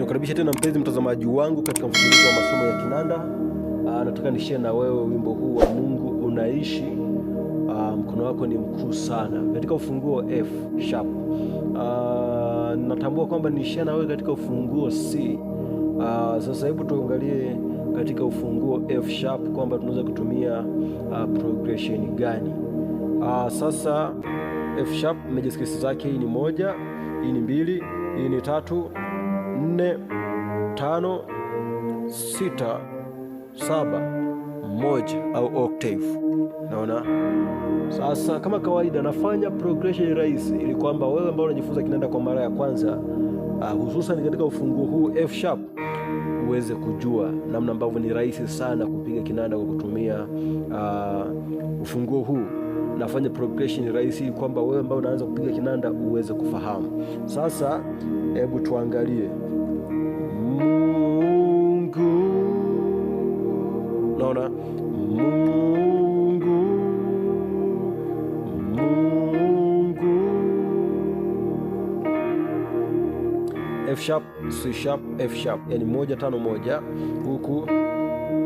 Nikukaribisha tena mpenzi mtazamaji wangu katika mfululizo wa masomo ya kinanda. Aa, ah, nataka nishie na wewe wimbo huu wa Mungu unaishi. Aa, ah, mkono wako ni mkuu sana katika ufunguo F sharp. Aa, ah, natambua kwamba nishie na wewe katika ufunguo C. Aa, sasa hebu tuangalie katika ufunguo F sharp kwamba tunaweza kutumia uh, progression gani? Uh, sasa F sharp major scales zake, hii ni moja, hii ni mbili, hii ni tatu nne tano sita saba moja au octave. Naona sasa, kama kawaida, nafanya progression rahisi ili kwamba wewe ambao unajifunza kinanda kwa mara ya kwanza, uh, hususan katika ufunguo huu F sharp uweze kujua namna ambavyo ni rahisi sana kupiga kinanda kwa kutumia uh, ufunguo huu nafanya progression rahisi, kwamba wewe ambao unaanza kupiga kinanda uweze kufahamu. Sasa hebu tuangalie Mungu, naona Mungu, Mungu, F sharp, C sharp, F sharp, yani moja tano moja, huku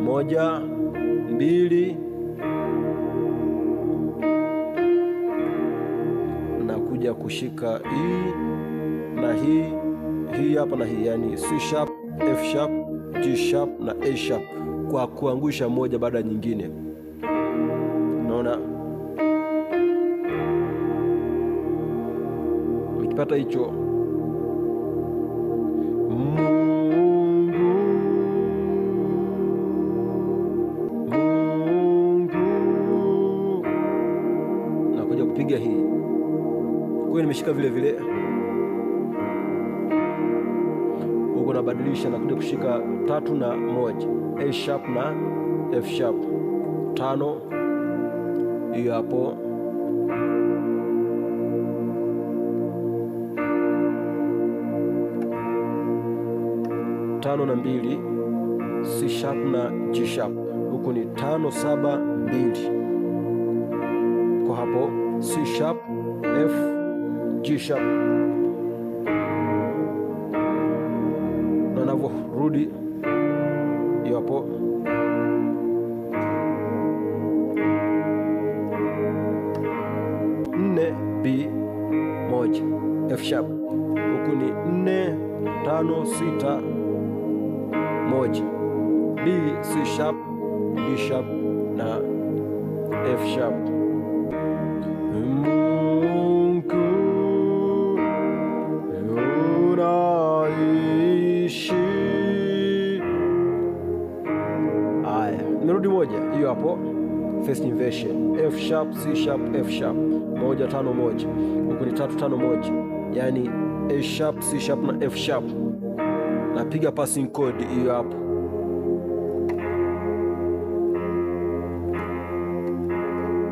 moja mbili ya kushika E na hii hii hapa na hii, yani C sharp, F sharp, G sharp na A sharp kwa kuangusha moja baada ya nyingine. Unaona, nikipata hicho kushika vile vile, huko unabadilisha na kuja kushika tatu na moja, A sharp na F sharp, tano hiyo hapo tano na mbili C sharp na G sharp, huku ni tano saba mbili kwa hapo C sharp F G sharp na ninavyorudi hiyo Nne B moja F sharp huku ni nne tano sita moja B C sharp D sharp na F sharp. moja hiyo hapo, first inversion F sharp C sharp F sharp moja tano moja, huku ni tatu tano moja, yani A sharp C sharp na F sharp. Napiga passing chord hiyo hapo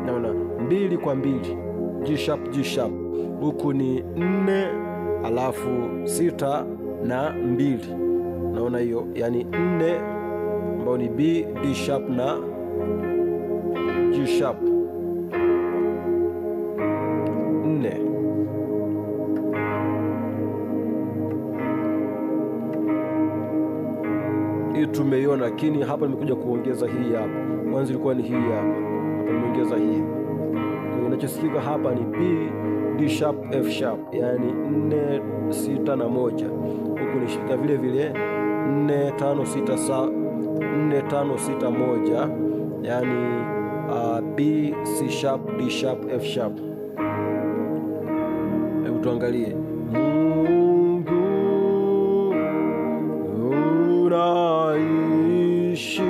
naona mbili kwa mbili, G sharp G sharp, huku ni nne alafu sita na mbili, naona hiyo, yani nne ambayo ni B, D sharp na G sharp. Nne. Hii tumeiona, lakini hapa nimekuja kuongeza hii hapa. Mwanzo ilikuwa ni hii hapa, nimeongeza hii. Kwa hiyo inachosikika hapa ni B, D sharp, F sharp, yaani nne sita na moja. Huku nishika vile vile nne tano sita saba 4561 yani uh, B C sharp D sharp F sharp. Hebu tuangalie. Mungu unaishi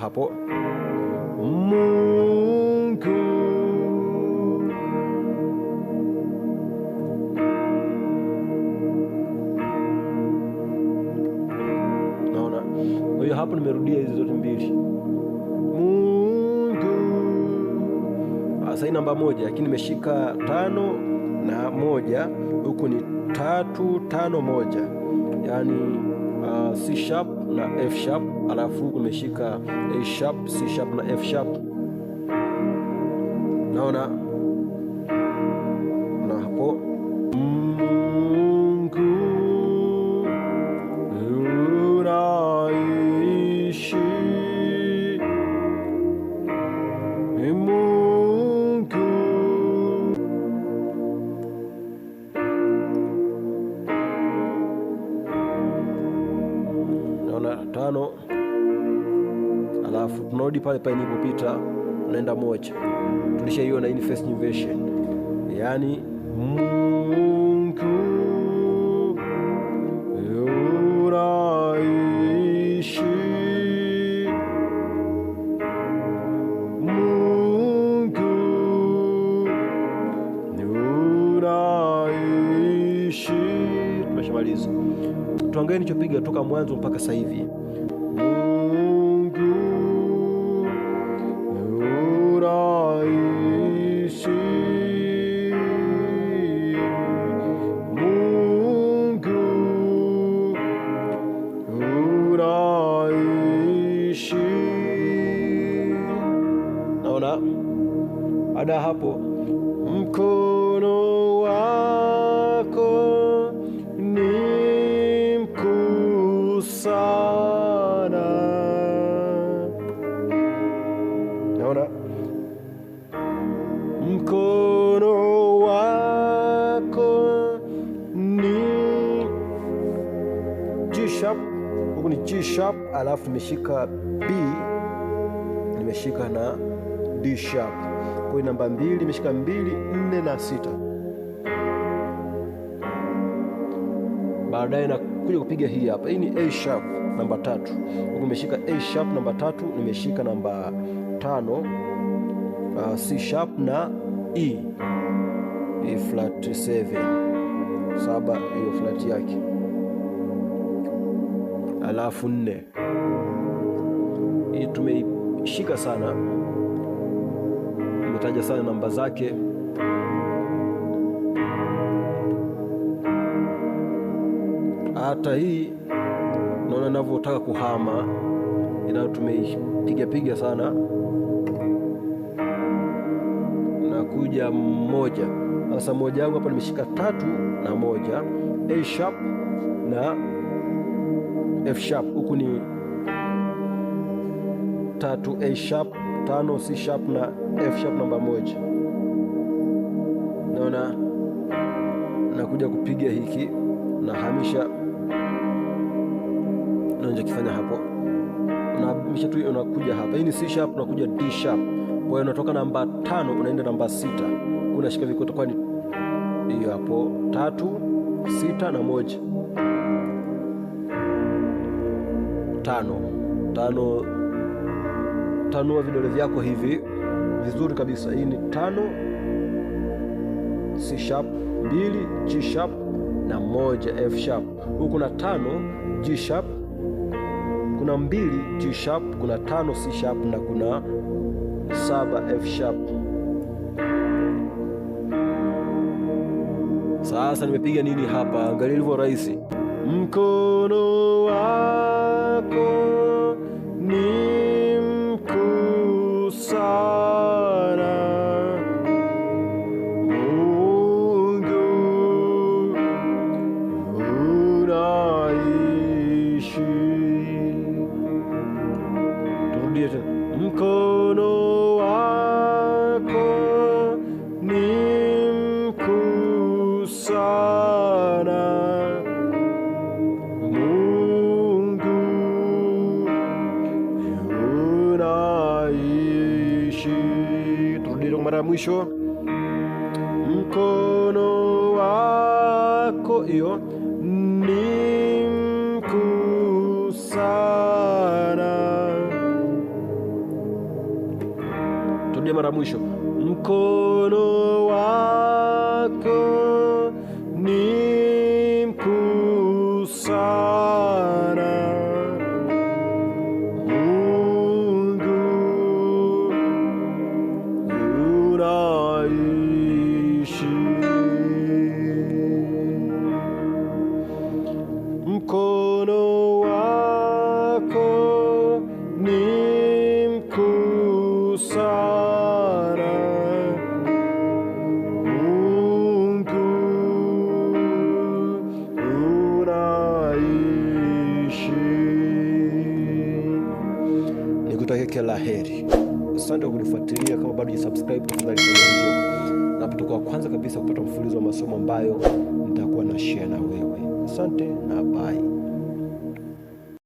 hapo nimerudia hizi zote mbili Mungu. Ah, sai namba moja lakini nimeshika tano na moja huku ni tatu tano moja yaani uh, C sharp na F sharp alafu huku nimeshika A sharp C sharp na F sharp naona pale pale ilipopita unaenda moja. Tulishaiona infest invasion, yaani Mungu unaishi, Mungu unaishi. tuangalie nilichopiga toka mwanzo mpaka sasa hivi. Baada ya hapo, mkono wako ni mkuu sana. Naona mkono wako ni G sharp, huku ni G sharp, alafu nimeshika B, nimeshika na D sharp. Kwa hiyo namba mbili imeshika mbili, nne na sita. Baadaye nakuja kupiga hii hapa, hii ni A sharp namba tatu, huku nimeshika A sharp namba tatu, nimeshika namba tano, uh, C sharp na E, E flat 7 saba, hiyo flat yake, alafu nne hii tumeishika sana nimetaja sana namba zake. Hata hii naona navyotaka kuhama, inayo tumeipiga piga sana, kuja mmoja sasa. Moja wangu hapa nimeshika tatu na moja, A sharp na F sharp, huku ni tatu A sharp tano C sharp na F sharp namba moja, naona nakuja kupiga hiki nahamisha, kifanya hapo unahamisha tu, unakuja hapa. Hii ni C sharp, unakuja D sharp. Kwa hiyo unatoka namba tano unaenda namba sita, unashika vikoto, kwani hiyo hapo tatu sita na moja tano tano, tanua vidole vyako hivi vizuri kabisa. Hii ni tano, C sharp mbili, G sharp na moja F sharp. Huku kuna tano G sharp, kuna mbili G sharp, kuna tano C sharp na kuna saba F sharp. Sasa nimepiga nini hapa? Angalia ilivyo rahisi. Mkono wako ni mkuu sana. mwisho, mkono wako hiyo ni mkuu sana. Turudie mara mwisho, mkono wako ni uraishi. Mkono wako ni mkuu sana, Mungu unaishi. kila heri. Asante kwa kunifuatilia. Kama bado hujasubscribe, tafadhali fanya na kutoka kwanza kabisa kupata mfululizo wa masomo ambayo nitakuwa na share na wewe. Asante na bye.